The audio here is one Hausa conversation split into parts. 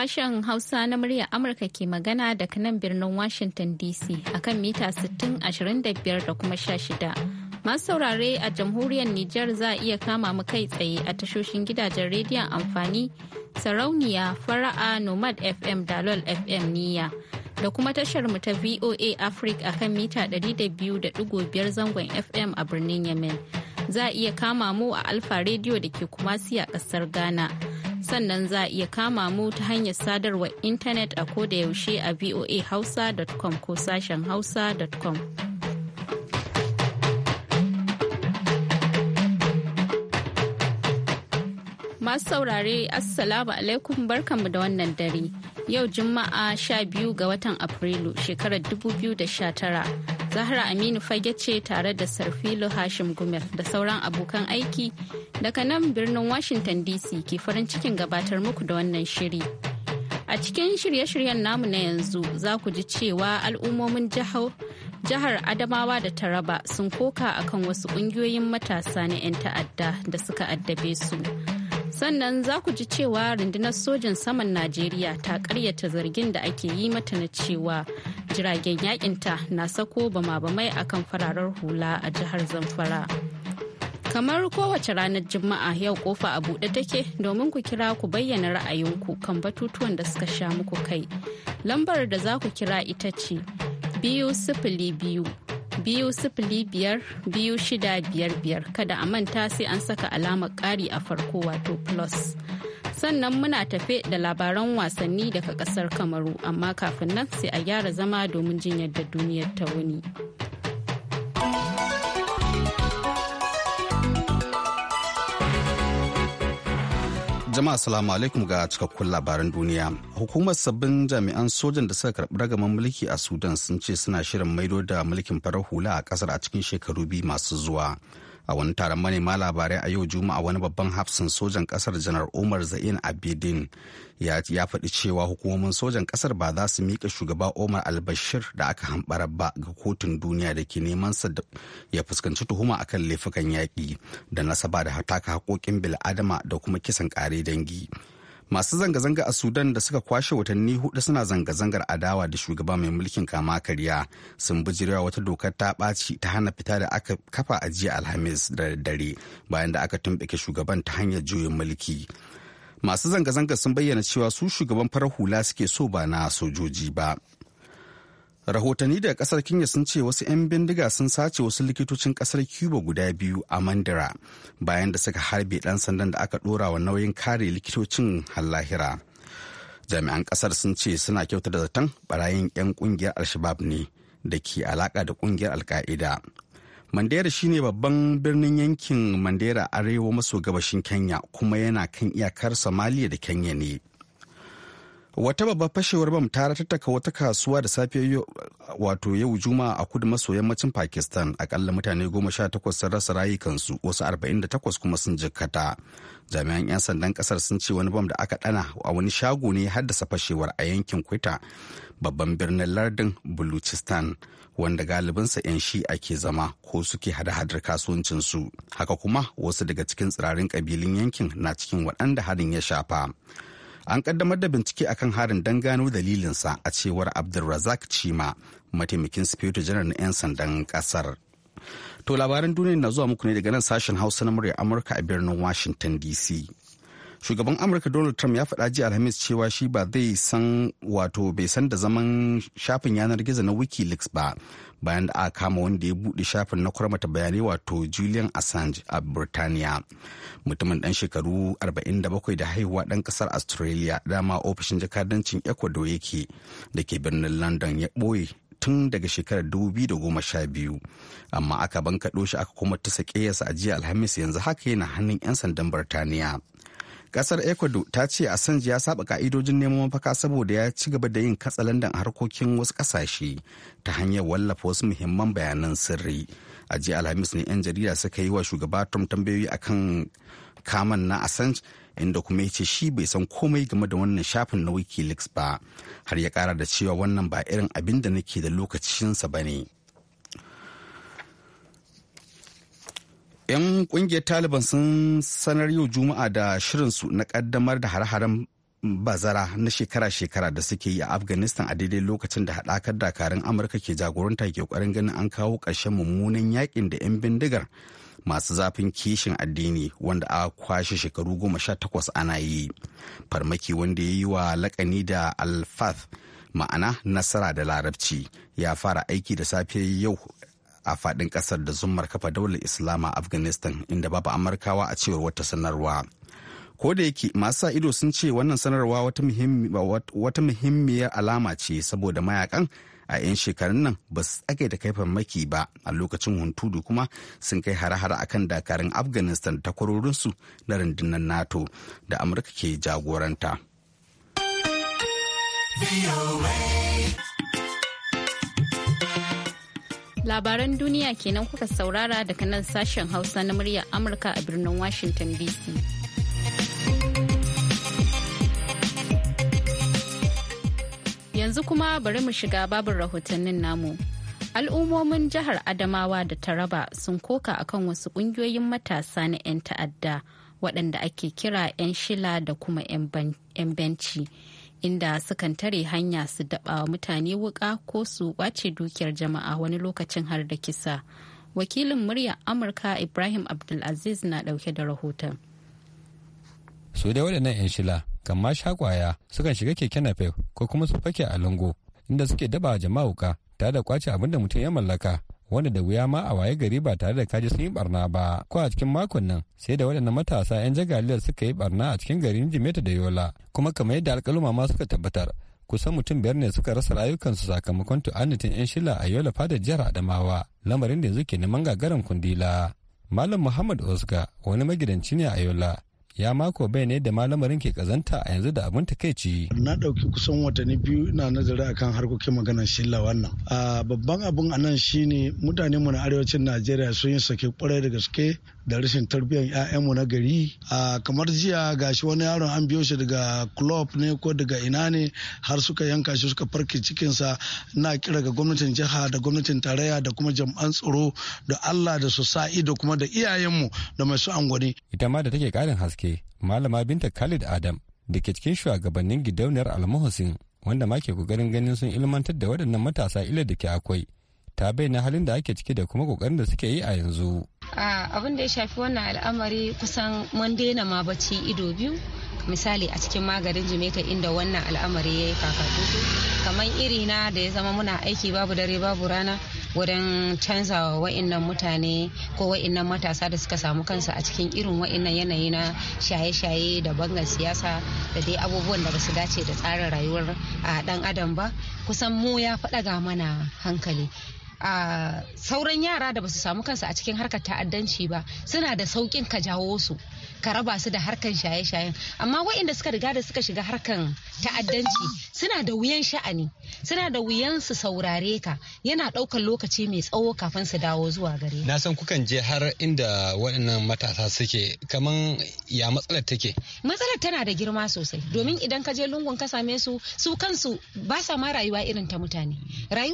sashen Hausa na muryar Amurka ke magana daga nan birnin Washington DC akan mita 60, da kuma 16. masu saurare a jamhuriyar Nijar za a iya kama mu kai tsaye a tashoshin gidajen rediyon amfani sarauniya fara'a nomad fm dalol fm niya da kuma tashar mu ta voa africa a kan mita 200.5 zangon fm a birnin yemen za a iya kama mu a alfa rediyo da ke kumasi a kasar ghana sannan za a iya kama mu ta hanyar sadarwar intanet a ko da yaushe a voahausa.com ko sashen hausa.com. Masu saurare Assalamu alaikum barkanmu da wannan dare. Yau Juma'a 12 ga watan Afrilu shekarar 2019. Zahra Aminu fage ce tare da Sarfilo Hashim Gumel da sauran abokan aiki daga nan birnin Washington DC ke farin cikin gabatar muku da wannan shiri. A cikin shirye-shiryen namu na yanzu za ku ji cewa al'ummomin jihar Adamawa da Taraba sun koka akan wasu ƙungiyoyin matasa na 'yan ta'adda da suka addabe su. sannan za ku ji cewa rundunar sojin saman najeriya ta karyata zargin da ake yi mata na cewa jiragen yakinta na sako bama-bamai akan fararar hula a jihar zamfara kamar kowace ranar juma'a yau kofa a buɗe take domin ku kira ku bayyana ra'ayinku kan batutuwan da suka sha muku kai lambar da za ku kira ita ce biyu sifili biyu biyu sifili biyar biyu shida biyar biyar kada a manta sai an saka alamar ƙari a farko wato plus. Sannan muna tafe da labaran wasanni daga ƙasar Kamaru amma kafin nan sai a gyara zama domin jin yadda duniyar ta wuni. Jama'a salamu alaikum ga cikakkun labaran duniya. Hukumar sabbin jami'an sojan da suka karɓi ragaman mulki a Sudan sun ce suna shirin maido da mulkin farar hula a ƙasar a cikin shekaru biyu masu zuwa. a wani taron manema labarai a yau juma'a wani babban hafsin sojan kasar janar umar za'in abidin ya faɗi cewa hukumomin sojan kasar ba za su mika shugaba umar albashir da aka hambara ba ga kotun duniya da ke neman sa ya fuskanci tuhuma akan laifukan yaƙi da nasaba da hataka haƙoƙin bil'adama da kuma kisan ƙare dangi masu zanga-zanga a sudan da suka kwashe watanni hudu suna zanga-zangar adawa da shugaba mai mulkin kama karya sun bijirewa wata dokar ta ɓaci ta hana fita da aka kafa a jiya alhamis da daddare bayan da aka tumɓuke shugaban ta hanyar juyin mulki masu zanga-zanga sun bayyana cewa su shugaban farar hula suke so ba na sojoji ba rahotanni daga kasar kenya sun ce wasu 'yan bindiga sun sace wasu likitocin kasar cuba guda biyu a mandira bayan da suka harbe dan sandan da aka dora wa nauyin kare likitocin hallahira jami'an kasar sun ce suna kyauta da zaton barayin 'yan kungiyar alshabab ne da ke alaka da kungiyar alka'ida mandera shine babban birnin yankin mandera arewa maso gabashin kenya kuma yana kan iyakar somalia da kenya ne wata babbar fashewar bam ta ratattaka wata kasuwa da safe wato yau juma'a a kudu maso yammacin pakistan akalla mutane goma sha takwas sun rasa rayukansu wasu arba'in da takwas kuma sun jikkata jami'an 'yan sandan kasar sun ce wani bam da aka dana a wani shago ne haddasa fashewar a yankin kwita babban birnin lardin baluchistan wanda galibinsa 'yan shi'a ke zama ko suke hada-hadar kasuwancinsu haka kuma wasu daga cikin tsirarin kabilun yankin na cikin waɗanda harin ya shafa an kaddamar da bincike akan harin don gano dalilinsa a cewar abdulrazak chima mataimakin sufeto janar na 'yan sandan kasar to labaran duniya na zuwa muku ne daga nan sashen hausa na murya amurka a birnin washington dc shugaban amurka donald trump ya faɗa jiya alhamis cewa shi ba zai san wato bai san da zaman shafin yanar gizo na wikileaks ba bayan da aka kama wanda ya buɗe shafin na kwarmata bayanai wato julian assange a birtaniya mutumin ɗan shekaru 47 da haihuwa ɗan ƙasar australia dama ofishin jakadancin ecuador yake da ke birnin london ya ɓoye tun daga shekarar 2012 amma aka bankaɗo shi aka kuma ta sake a jiya alhamis yanzu haka yana hannun 'yan sandan birtaniya kasar ecuador ta ce assange ya saba ka'idojin neman mafaka saboda ya ci gaba da yin katsalandan harkokin wasu kasashe ta hanyar wallafa wasu muhimman bayanan sirri a jiya alhamis ne 'yan jarida suka yi wa shugaba trump tambayoyi akan kaman na assange inda kuma ya ce shi bai san komai game da wannan shafin na wikileaks ba har ya kara da cewa wannan ba irin abin da nake da lokacinsa ba ne. 'yan kungiyar taliban sun sanar yau juma'a da shirinsu na kaddamar da har haren bazara na shekara-shekara da suke yi a afghanistan a daidai lokacin da haɗakar dakarun amurka ke jagoranta ke ƙoƙarin ganin an kawo ƙarshen mummunan yakin da 'yan bindigar masu zafin kishin addini wanda a kwashe shekaru goma sha takwas ana yi farmaki wanda ya yi wa lakani da alfath ma'ana nasara da larabci ya fara aiki da safe yau a fadin kasar da zummar kafa daular Islama Afghanistan inda babu Amurkawa a cewar wata sanarwa. ko da yake masu ido sun ce wannan sanarwa wata muhimmiyar alama ce saboda mayakan a 'yan shekarun nan ba su tsage da kai farmaki ba a lokacin huntudu kuma sun kai hare-hare kan dakarun afghanistan ta kwarorinsu na rundunar nato da amurka ke jagoranta. Labaran duniya kenan kuka saurara daga nan sashen Hausa na muryar Amurka a birnin Washington DC. Yanzu kuma bari mu shiga babin rahotannin namu. Al'ummomin jihar Adamawa da Taraba sun koka akan wasu ƙungiyoyin matasa na 'yan ta'adda waɗanda ake kira 'yan shila da kuma 'yan benci. inda sukan tare hanya su daba mutane wuka ko su kwace dukiyar jama'a wani lokacin har da kisa wakilin murya amurka ibrahim abdulaziz na ɗauke da rahoton su dai waɗannan 'yan shila kamma shakwaya sukan shiga keke napep ko kuma su fake a lungu inda suke daba jama'a wuka tare da kwace abin da mutum ya mallaka wanda da wuya ma a waye gari ba tare da kaji sun yi barna ba ko a cikin makon nan sai da waɗannan matasa 'yan jagaliyar suka yi barna a cikin garin jimeta da yola kuma kamar yadda alƙaluma ma suka tabbatar kusan mutum biyar ne suka rasa rayukansu sakamakon tu'annitin 'yan shila a yola fadar jihar adamawa lamarin da yanzu ke neman gagarin kundila malam muhammad osga wani magidanci ne a yola ya mako bai ne da malamarin ke kazanta a yanzu da abin takaici. Na ɗauki kusan watanni biyu ina nazari akan harkokin maganar shilla wannan. Babban abin a nan shine mutane mu na arewacin Najeriya sun yi sake kwarai da gaske da rashin tarbiyyar 'ya'yanmu na gari a kamar jiya ga shi wani yaron an biyo shi daga club ne ko daga ina ne har suka yanka shi suka farke cikinsa na kira ga gwamnatin jiha da gwamnatin tarayya da kuma jam'an tsaro da allah da su sa ido kuma da iyayenmu da masu angwani. ita ma da take karin haske malama binta khalid adam da ke cikin shugabannin gidauniyar almuhusin wanda ma ke kokarin ganin sun ilmantar da waɗannan matasa ila da ke akwai ta bayyana halin da ake ciki da kuma kokarin da suke yi a yanzu. abin da ya shafi wannan al'amari kusan mun daina ma bacci ido biyu misali a cikin maganin jamaica inda wannan al'amari ya yi kakatutu kamar iri na da ya zama muna aiki babu dare babu rana wurin canza wa'innan mutane ko wa'innan matasa da suka samu kansa a cikin irin wa'innan yanayi na shaye-shaye da bangan siyasa da dai abubuwan da basu dace da tsarin rayuwar a dan adam ba kusan mu ya faɗaga mana hankali a sauran yara da basu samu kansu a cikin harkar ta'addanci ba suna da saukin ka jawo su ka raba su da harkan shaye-shayen amma waɗanda suka riga da suka shiga harkan ta'addanci suna da wuyan sha'ani suna da wuyan su saurare ka yana ɗaukar lokaci mai tsawo kafin su dawo zuwa gare na san kukan je har inda waɗannan matasa suke kaman ya matsalar take matsalar tana da girma sosai domin idan ka je lungun ka same su su kansu ba sa ma rayuwa irin ta mutane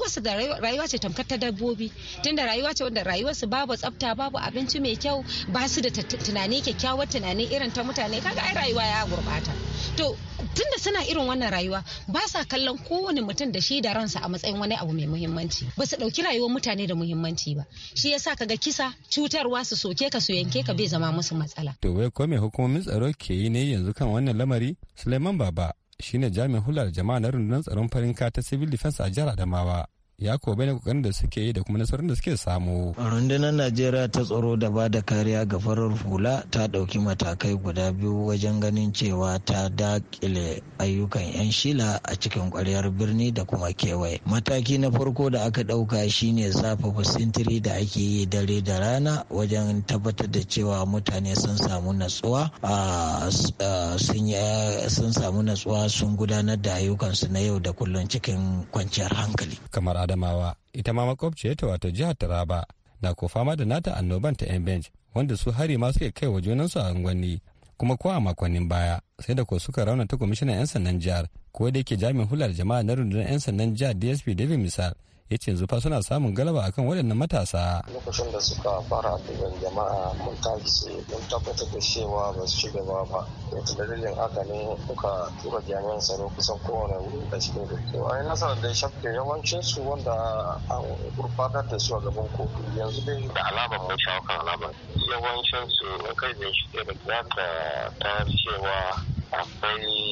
su da rayuwa ce tamkar ta dabbobi tunda rayuwa ce wanda su babu tsafta babu abinci mai kyau ba su da tunani kyakkyawar tunani irin ta mutane kaga ai rayuwa ya gurbata to tunda suna irin wannan rayuwa ba sa kallon kowane mutum mutum da shi da ransa a matsayin wani abu mai muhimmanci ba su ɗauki rayuwar mutane da muhimmanci ba shi yasa kaga kisa cutarwa su soke ka su yanke ka bai zama musu matsala to wai ko me hukumomin tsaro ke yi ne yanzu kan wannan lamari Suleiman Baba shine jami'in hular jama'a na rundunar tsaron farin ta civil defense a jihar Adamawa ya ko bane kokarin da suke yi da kuma nasarar da suke samu. Rundunar Najeriya ta tsaro da ba da kariya ga farar hula ta ɗauki matakai guda biyu wajen ganin cewa ta dakile ayyukan 'yan shila a cikin kwaryar birni da kuma kewaye. Mataki na farko da aka ɗauka shine zafafa sintiri da ake yi dare da rana wajen tabbatar da cewa mutane sun samu natsuwa sun samu natsuwa sun gudanar da ayyukansu na yau da kullum cikin kwanciyar hankali. Kamar adamawa ita ma ta wato jihar taraba na ko fama da nata annoban ta yan bench wanda su hari ma suke kai wa junansu a unguwanni kuma ko a makonnin baya sai da ko suka raunata kwamishinan yan sannan jihar ko da yake jami'in hular jama'a na rundunar yan sannan jihar dsp david misal ya ce zufa suna samun galaba akan waɗannan matasa. Lokacin da suka fara addu'an jama'a mun tashi mun tabbatar da cewa ba su ci gaba ba. Yanzu dalilin haka ne kuka tura jami'an tsaro kusan kowane wuri a cikin gari. wani nasarar da shafke yawancin su wanda an gurfanar da su a gaban kotu yanzu dai. Da alama mun shawo kan alama. Yawancin su in kai zai shi da ta cewa akwai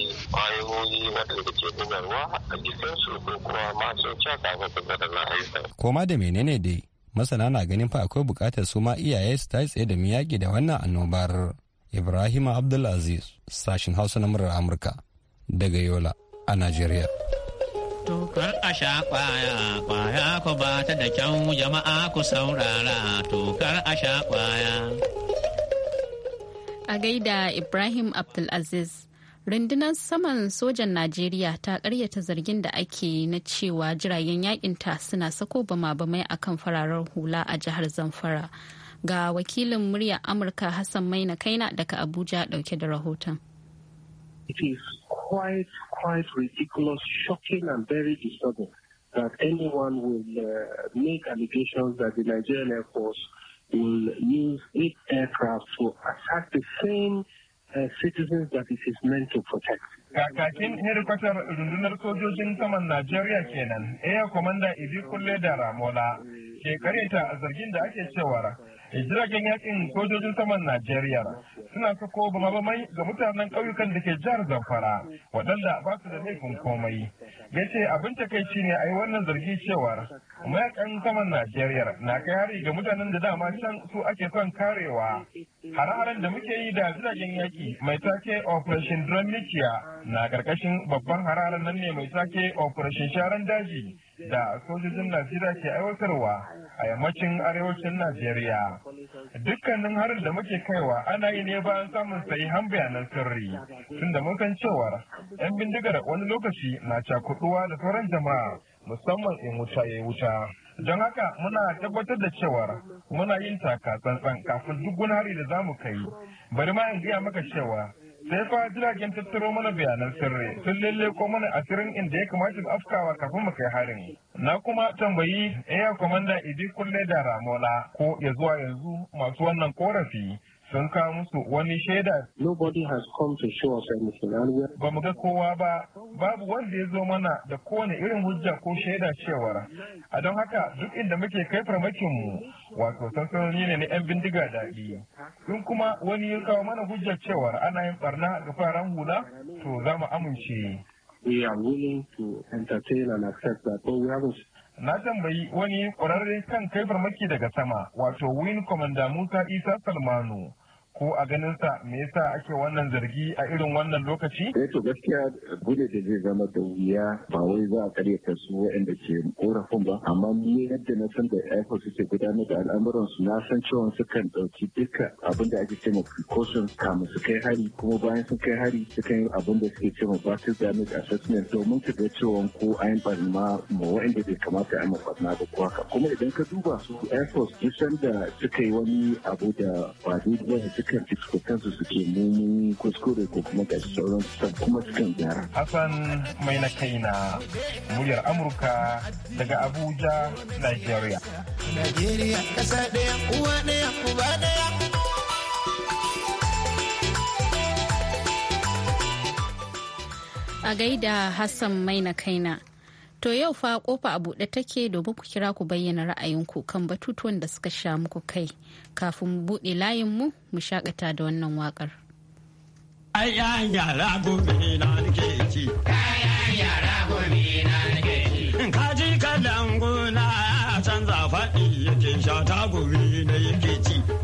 waɗanda ke bugarwa a jikinsu ko kuma ma caka Koma da menene dai? Masana na ganin fa akwai buƙatar su ma iyaye su ta tsaye da miyaki da wannan annobar. Ibrahim Abdulaziz, sashin Hausa na murar Amurka, daga Yola a Najeriya. Tukar a sha kwaya, kwaya ku ba ta da kyau jama'a ku saurara, tokar a sha kwaya. A gaida Ibrahim Abdulaziz. rundunar saman sojan najeriya ta karyata zargin da ake na cewa jiragen yakinta suna sako bama-bamai kan fararar hula a jihar zamfara ga wakilin murya amurka hassan maina kaina daga abuja dauke da rahoton It is quite, quite ridiculous, shocking and very disturbing that anyone will uh, make allegations that the Nigerian Air Force will use its aircraft to attack the same Uh, citizens that it is meant to protect. Kakakin hedikwatar rundunar sojojin saman Najeriya kenan, Air Commander Idi Kulle da Ramola, ke a zargin da ake cewar jiragen yakin sojojin saman najeriya suna sako mai ga mutanen ƙauyukan da ke jihar zamfara waɗanda ba su da laifin komai ya ce abin takaici ne a yi wannan zargi cewar mayakan saman najeriya na kai hari ga mutanen da dama can su ake son karewa hare-haren da muke yi da jiragen yaki mai take operation mikiya na karkashin babban hararen nan ne mai take operation sharan daji da sojojin najeriya ke aiwatarwa a yammacin arewacin Najeriya. Dukkanin harin da muke kaiwa ana yi ne bayan samun han bayanan sirri, tunda mun san cewa 'yan bindigar wani lokaci na cakuduwa da sauran jama'a musamman in wuta ya wuta. Don haka muna tabbatar da cewa muna yin taka tsantsan kafin duk wani hari da za mu kai. Bari ma in gaya maka cewa nefa jiragen tattaro mana bayanan sirri sun ko mana asirin inda ya kamata mu afkawa kafin mu kai harin na kuma tambayi air commander idi kulle da ramola ko ya zuwa yanzu masu wannan korafi sun kawo musu wani shaida. Nobody has come to show us anything. Ba mu ga kowa ba, babu wanda ya zo mana da kowane irin hujja ko shaida cewar. A don haka duk inda muke kai farmakinmu wato sansanoni ne na 'yan bindiga daɗi. In kuma wani ya kawo mana hujjar cewar ana yin barna ga faran hula, to za mu amince. We are willing to entertain and accept that, but we haven't na tambayi wani ƙwararren kan kai farmaki daga sama wato win commander musa isa salmanu ko a ganin sa me yasa ake wannan zargi a irin wannan lokaci? Eh to gaskiya gudun da zai zama da wuya ba wai za a karyata su waɗanda ke korafin ba amma ni yadda na san da aiko suke gudanar da al'amuran su na san cewa sukan ɗauki duka abin da ake cewa precaution kamun su kai hari kuma bayan sun kai hari sukan yi abin da suke cewa battle damage assessment domin su ga cewa ko an barna ma waɗanda bai kamata a barna da ko haka kuma idan ka duba su air force sun da suka yi wani abu da ba daidai sukan cikin kansu suke mummun kuskure ko kuma ga sauran su kuma sukan gyara. Hassan mai na kai na muryar Amurka daga Abuja, Nigeria. Nigeria kasa ɗaya uwa ɗaya uba ɗaya. A gaida Hassan mai na kaina. To yau fa kofa a buɗe take domin ku kira ku bayyana ra'ayinku kan batutuwan da suka sha muku kai kafin mu buɗe layinmu mu shakata da wannan waƙar. Kayan yara gobe na nake ci. Kayan yara gobe na nake ci. Kaji kalangu na canza faɗi yake sha ta gobe na yake ci.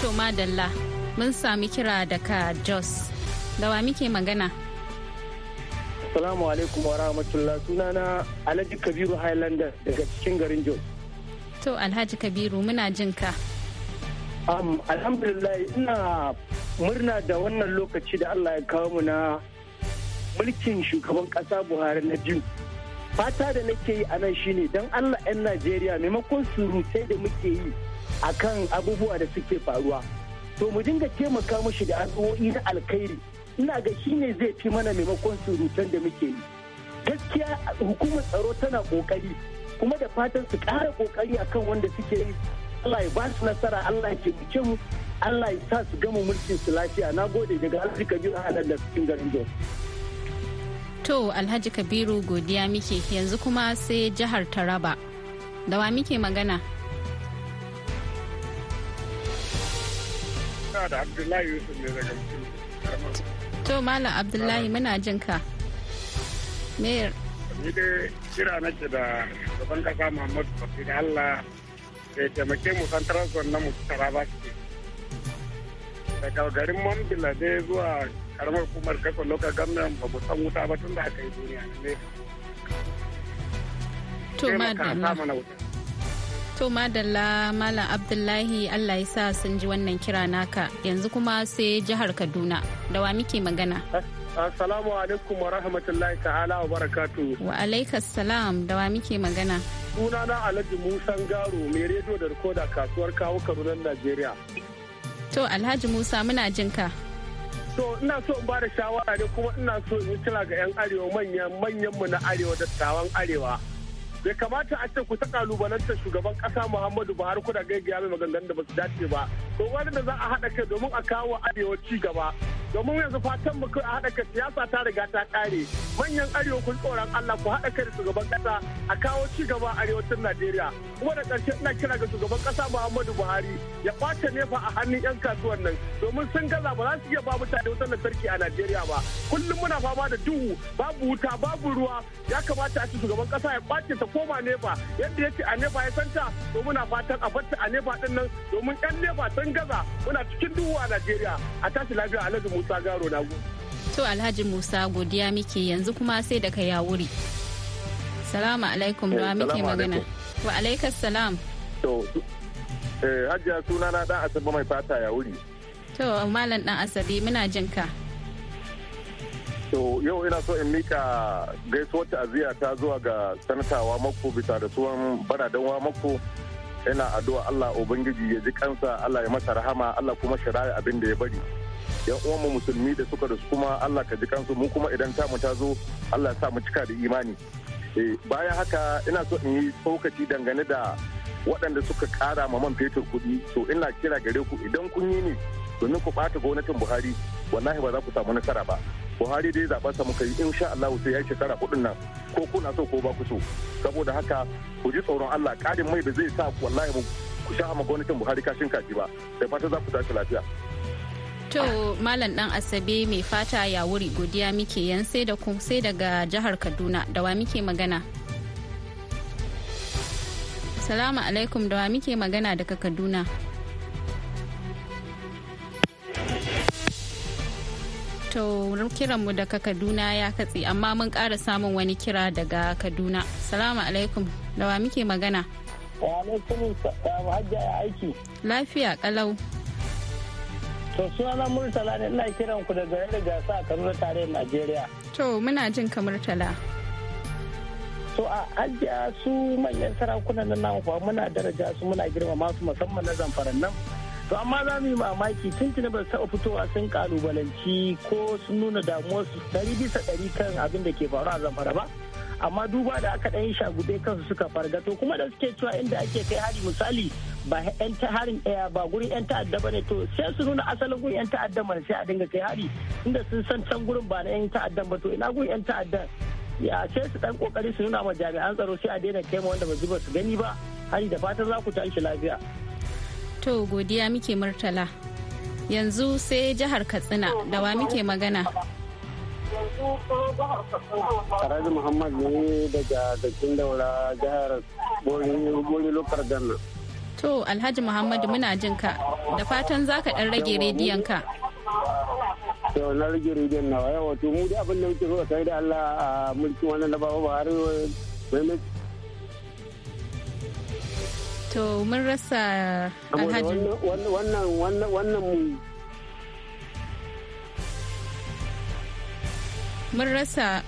To madalla mun sami kira daga Jos. Dawa muke magana? Assalamu alaikum wa rahmatullah sunana Alhaji Kabiru Highlander daga cikin garin Jos. To Alhaji Kabiru muna jin ka. Um, alhamdulillah ina murna da wannan lokaci da Allah ya kawo mu na mulkin shugaban kasa Buhari na biyu. Fata da nake yi a nan shine don Allah 'yan Najeriya maimakon surutai da muke yi akan abubuwa da suke faruwa to mu dinga taimaka mushi da addu'o'i na alkhairi ina ga shi ne zai fi mana maimakon surutan da muke yi gaskiya hukumar tsaro tana kokari kuma da fatan su ƙara kokari akan wanda suke yi Allah ya ba su nasara Allah ya taimake mu Allah ya sa su gama mulkin su lafiya na gode daga Alhaji Kabiru a da cikin garin Jos To Alhaji Kabiru godiya muke yanzu kuma sai jihar Taraba da wa muke magana Ina da Abdullahi Yusuf ne daga mutum. To Malam Abdullahi ah. muna jin ka. Mayor. Ni dai kira nake da gaban kasa Muhammadu Bafi da Allah da ya taimake mu san transfer na mu tara ba su Daga garin Mambila dai zuwa karamar kumar kasa lokacin gwamnan ba mu san wuta ba tun da aka yi duniya ne. To ma da Allah. To madalla Malam Abdullahi Allah ya sa sun ji wannan kira naka yanzu kuma sai jihar Kaduna da wa muke magana. Assalamu alaikum wa rahmatullahi ta'ala wa barakatu. Wa alaikas salam da wa muke magana. Sunana Alhaji Musa Garo mai rediyo da rikoda kasuwar kawo Kaduna Najeriya. To Alhaji Musa muna jin ka. To ina so in bada shawara ne kuma ina so in kira ga 'yan arewa manyan manyanmu na arewa dattawan arewa. bai kamata a ce ku ta kalubalantar shugaban kasa muhammadu buhari kuna gaggaya mai maganganun da ba su dace ba to wani da za a haɗa kai domin a kawo arewa ci gaba domin yanzu fatan mu kai haɗa ka siyasa ta riga ta ƙare manyan arewa kun tsoron Allah ku haɗa kai da shugaban kasa a kawo ci gaba a arewacin Najeriya kuma da ƙarshe ina kira ga shugaban ƙasa Muhammadu Buhari ya kwace nefa a hannun 'yan kasuwan nan domin sun gaza ba za su iya ba mutane wutar lantarki a Najeriya ba kullum muna fama da duhu babu wuta babu ruwa ya kamata a ci shugaban kasa ya kwace ta koma nefa yadda ya ce a nefa ya santa to muna fatan a batta a nefa din nan domin 'yan nefa sun gaza muna cikin duhu a Najeriya a tashi lafiya alhaji Musa Garo na To Alhaji Musa godiya muke yanzu kuma sai da ka yawuri. Salamu alaikum da eh, muke magana. Wa alaikas salam. To eh, Hajiya suna na dan asabi mai fata ya wuri. To Malam dan Asabe muna jin ka. To yau ina so in mika gaisuwar ta'aziyya ta zuwa ga sanatawa mako bisa da suwan wa mako ina addu'a Allah ubangiji ya ji kansa Allah ya masa rahama Allah kuma shirayi abin da ya bari. yan uwan mu musulmi da suka da su kuma Allah ka ji kansu mu kuma idan ta ta zo Allah sa mu cika da imani eh, bayan haka ina so in yi tsokaci dangane da waɗanda suka ƙara ma man fetur kuɗi so ina kira gare ku idan kun yi ne domin ku ɓata gwamnatin Buhari wallahi ba za ku samu nasara ba Buhari dai zaɓen sa muka yi in sha Allah sai ya shekara kuɗin nan ko kuna so ko ba ku so saboda haka ku ji tsoron Allah ƙarin mai da zai sa wallahi ku sha ma gwamnatin Buhari kashin kaji ba da fata za ku tashi lafiya. To Malam dan Asabe mai fata ya wuri godiya muke yan sai da ku sai daga jihar Kaduna da wa muke magana. Salamu alaikum da wa muke magana daga Kaduna. To kiranmu daga Kaduna ya katse amma mun kara samun wani kira daga Kaduna. Salamu alaikum da wa muke magana. Wa alaikum salam hajja aiki. Lafiya kalau. To sunana Murtala ne ina kiran ku daga garin gasa a Kaduna tarayyar Najeriya. To muna jin ka Murtala. To a ajiya su manyan sarakunan nan namu kuwa muna daraja su muna girma masu musamman na zamfaran nan. To amma za mu yi mamaki tuntuni ba su taɓa fitowa sun kalubalanci ko sun nuna damuwarsu ɗari bisa ɗari kan abin da ke faru a zamfara ba. amma duba da aka ɗan yi shagube kansu suka fargato kuma da suke cewa inda ake kai hari misali ba yan harin ɗaya ba gurin yan ta'adda ba ne to sai su nuna asalin gurin yan ta'adda mana sai a dinga kai hari inda sun san can gurin ba na yan ta'addan ba to ina gurin yan ta'adda ya sai su ɗan kokari su nuna ma jami'an tsaro sai a daina kai ma wanda ba zuba su gani ba hari da fatan za ku tashi lafiya. To godiya muke murtala yanzu sai jihar Katsina da wa muke magana. Alhaji Muhammad ne daga Dakin Daura jihar Bori Lokar Ganna. To Alhaji Muhammad muna jin ka da fatan za ka ɗan rage rediyon ka. To na rage rediyon na yawa wato mu da abin da muke so sai da Allah a mulkin wannan na Baba Buhari To mun rasa Alhaji. Wannan wannan wannan mun rasa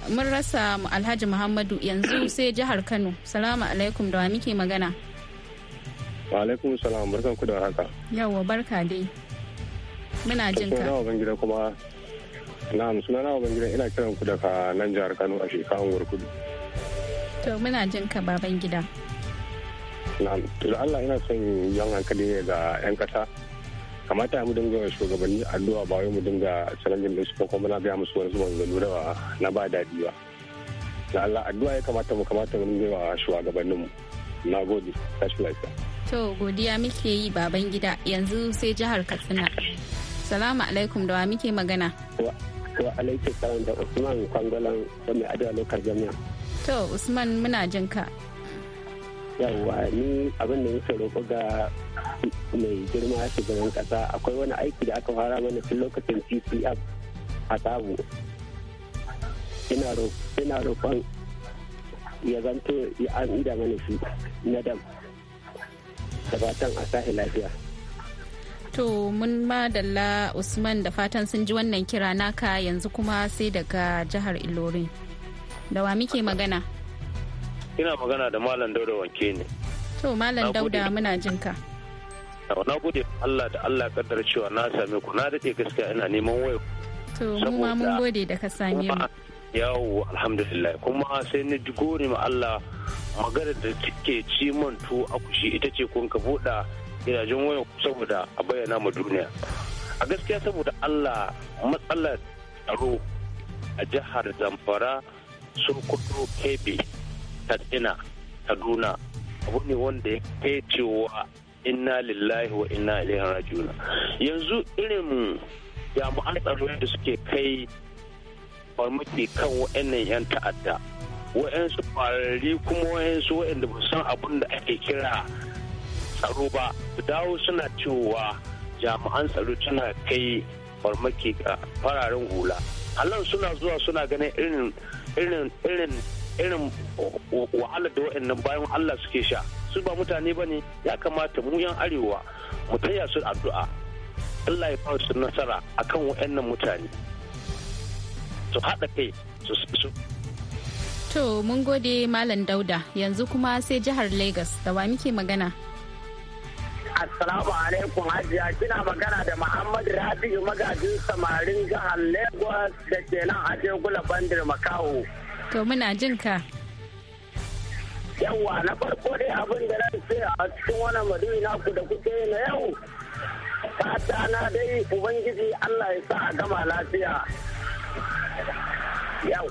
alhaji muhammadu yanzu sai jihar kano salamu alaikum da wa muke magana wa alaikum salam barkan ku da haka yawa barka dai muna jin ka na gida kuma na suna na gida ina kiran ku daga nan jihar kano a shekarun warkudu to muna jin ka baban gida na to Allah ina son yan hankali ne ga yan kasa kamata mu dinga shugabanni addu'a ba mu dinga challenging din su ko kuma na ga musu wani zuwa ga lura na ba daɗi ba da Allah addu'a ya kamata mu kamata mu dinga shugabannin mu na gode tashi lafiya to godiya muke yi baban gida yanzu sai jihar Katsina salamu alaikum da wa muke magana wa alaikum salam da Usman Kwangalan da mai adalokar jami'a to Usman muna jinka ka yawwa ni abin da nake roƙo ga mai girma shugaban ƙasa akwai wani aiki da aka fara mana tun lokacin ccf a tabu ina roƙon ya zanto an ida mana shi na dam da fatan a sahi lafiya To mun madalla Usman da fatan sun ji wannan kira naka yanzu kuma sai daga jihar Ilorin. Da wa muke magana? ina magana da malam dauda wanke ne to malam dauda muna jin ka na gode Allah da Allah kaddar cewa na same ku na dace gaskiya ina neman waya to mu ma mun gode da ka same mu yawo alhamdulillah kuma sai na ji ma Allah magana da take ci man tu a kushi ita ce kun ka buɗa gidajen waya saboda a bayyana ma duniya a gaskiya saboda Allah matsalar tsaro a jihar Zamfara sun kudu kebe katsina kaduna abu ne wanda ya kai cewa inna lillahi wa inna ilaihi raji'un yanzu irin jami'an tsaro da suke kai farmaki kan wa'annan 'yan ta'adda wa'ansu farari kuma wa'ansu wa'anda ba san abin da ake kira tsaro ba su dawo suna cewa jami'an tsaro suna kai farmaki ga fararen hula halan suna zuwa suna ganin irin irin irin irin wahalar da waɗannan bayan Allah suke sha su ba mutane ba ne ya kamata mu yan arewa mu taya su addu'a Allah ya fara su nasara a kan waɗannan mutane su haɗa kai su To mun gode Malam Dauda yanzu kuma sai jihar Lagos da wa muke magana. Assalamu alaikum hajiya kina magana da Muhammad Rabi'u magajin samarin jihar Lagos da ke nan Ajegula bandar Makaho. To muna jin ka. Yawwa na farko dai abin da nan sai a cikin wannan na naku da kuke na yau. Fata na dai Ubangiji Allah ya sa a gama lafiya. Yau.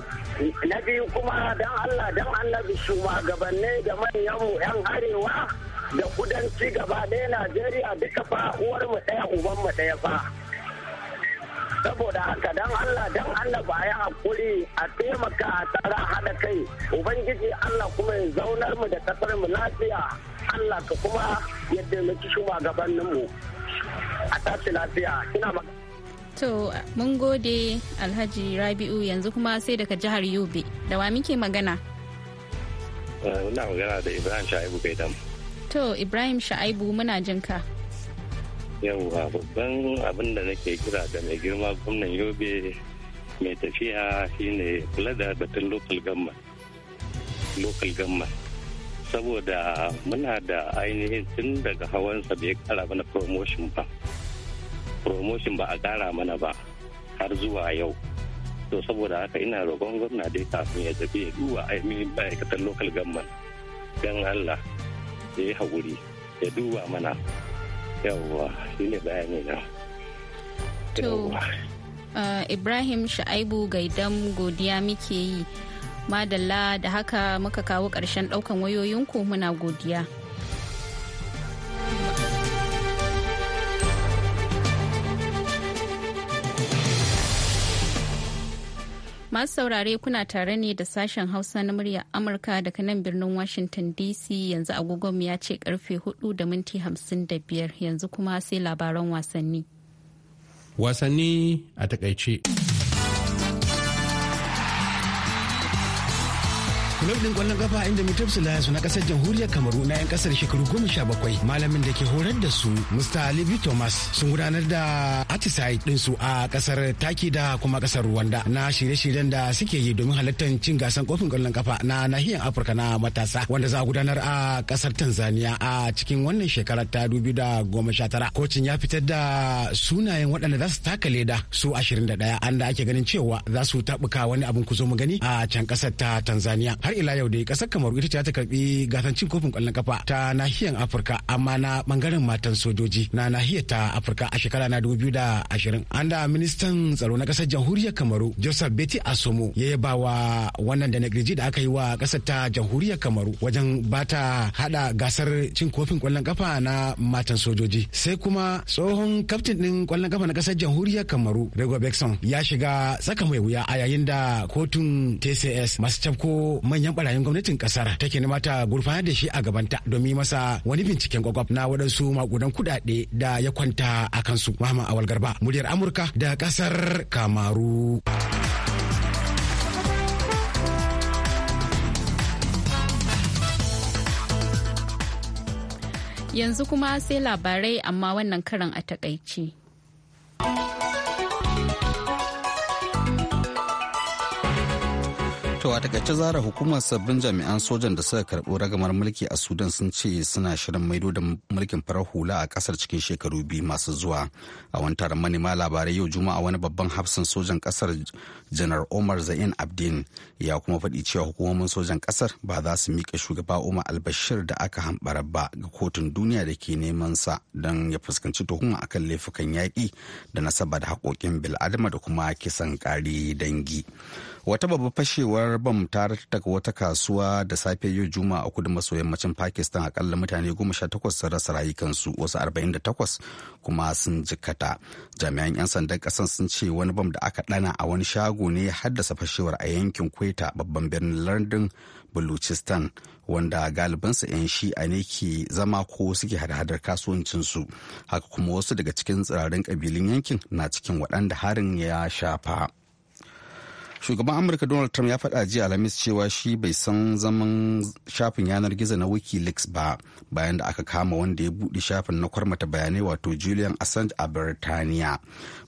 Na biyu kuma dan Allah dan annabi shugabanni da manyanmu 'yan arewa da kudanci gaba ɗaya Najeriya duka fa uwar mu ɗaya uban mu ɗaya fa. saboda haka dan Allah dan Allah ba ya hakuri a taimaka a tsara hada kai ubangiji Allah kuma ya zaunar mu da kasar mu lafiya Allah ka kuma ya taimaki shugabannin mu a tashi lafiya kina To mun gode Alhaji Rabi'u yanzu kuma sai daga jihar Yobe da wa muke magana? Eh, ina magana da Ibrahim Sha'ibu Gaidam. To Ibrahim Sha'ibu muna jinka. yawwa babban abin da nake kira da mai girma gwamnan yobe mai tafiya shine kula da batun local gamma local gamma saboda muna da ainihin tun daga hawan sa bai kara mana promotion ba promotion ba a kara mana ba har zuwa yau to saboda haka ina roƙon gwamna dai kafin ya tafi ya duba ainihin ma'aikatan local gamma don allah ya yi haƙuri ya duba mana to uh, ibrahim sha'aibu Gaidan godiya muke yi madalla da haka muka kawo ƙarshen ɗaukan wayoyinku muna godiya Masu saurare kuna tare ne da sashen Hausa na murya Amurka daga nan birnin Washington DC yanzu agogon ya ce karfe 4 da minti 55 yanzu kuma sai labaran wasanni. Wasanni a takaice. Kulob din kwallon kafa inda Mitrops su na kasar jamhuriyar Kamaru na 'yan kasar shekaru goma sha bakwai malamin da ke horar da su Mr. Alibi Thomas sun gudanar da atisai ɗinsu a kasar Taki da kuma kasar Rwanda na shirye-shiryen da suke yi domin halartar cin gasan kofin kwallon kafa na nahiyar Afirka na matasa wanda za a gudanar a kasar Tanzania a cikin wannan shekarar ta tara. Kocin ya fitar da sunayen waɗanda za su taka leda su ashirin da ɗaya an da ake ganin cewa za su taɓuka wani abin ku zo mu gani a can kasar ta Tanzania. har ila yau dai kasar kamaru ita ce ta karbi cin kofin kwallon kafa ta nahiyar afirka amma na bangaren matan sojoji na nahiyar ta afirka a shekara na ashirin. an da ministan tsaro na kasar jamhuriyar kamaru joseph beti asomo ya yaba wa wannan da negriji da aka yi wa kasar ta jamhuriyar kamaru wajen bata hada gasar cin kofin kwallon kafa na matan sojoji sai kuma tsohon kaftin din kwallon kafa na kasar jamhuriyar kamaru rego ya shiga saka mai wuya a yayin da kotun tcs masu cafko manyan manyan barayin gwamnatin kasar take nema ta gurfanar da shi a gabanta domin masa wani binciken kwakwaf na waɗansu makudan kuɗaɗe da ya kwanta a kansu mahama Awal Garba muryar Amurka da kasar Kamaru. Yanzu kuma sai labarai amma wannan karan a takaici. To a takaice zara hukumar sabbin jami'an sojan da suka karɓo ragamar mulki a Sudan sun ce suna shirin maido da mulkin farar hula a kasar cikin shekaru biyu masu zuwa. A wani taron manema labarai yau juma'a wani babban hafsan sojan kasar janar Omar Zain Abdin ya kuma faɗi cewa hukumomin sojan kasar ba za su miƙa shugaba Umar al da aka hambara ba ga kotun duniya da ke neman sa don ya fuskanci tuhuma akan laifukan yaƙi da nasaba da haƙoƙin bil'adama da kuma kisan ƙari dangi. wata babbar fashewar bam ta rattaka wata kasuwa da safe yau juma'a a kudu maso yammacin pakistan akalla mutane goma sha takwas sun rasa rayukansu wasu arba'in da takwas kuma sun jikata jami'an 'yan sandan kasan sun ce wani bam da aka dana a wani shago ne haddasa fashewar a yankin kweta babban birnin lardin baluchistan wanda galibinsa 'yan shi'a ne ke zama ko suke hada-hadar kasuwancinsu haka kuma wasu daga cikin tsirarin kabilun yankin na cikin waɗanda harin ya shafa. shugaban amurka donald trump ya faɗa jiya alhamis cewa shi bai san zaman shafin yanar gizo na wikileaks ba bayan da aka kama wanda ya buɗe shafin na kwarmata bayanai wato julian assange a birtaniya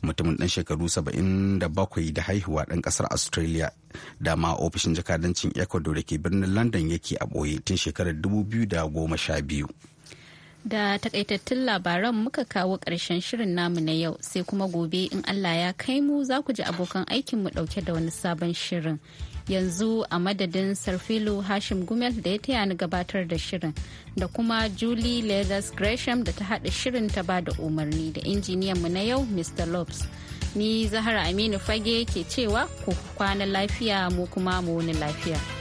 mutumin ɗan shekaru 77 da haihuwa ɗan ƙasar australia dama ma ofishin jakadancin ecuador da ke birnin london yake a ɓoye tun shekarar 2012 Da takaitattun labaran muka kawo ƙarshen shirin namu na yau sai kuma gobe in Allah ya kai mu za ku ji abokan aikinmu ɗauke da wani sabon shirin. Yanzu a madadin Sarfilu Hashim Gumel da ya taya ni gabatar da shirin da kuma Julie Leathers Gresham da ta haɗa shirin ta ba da umarni da injiniyan mu na yau Mr. Lopes. Ni Zahara Aminu Fage ke cewa ku kwana lafiya mu kuma mu wani lafiya.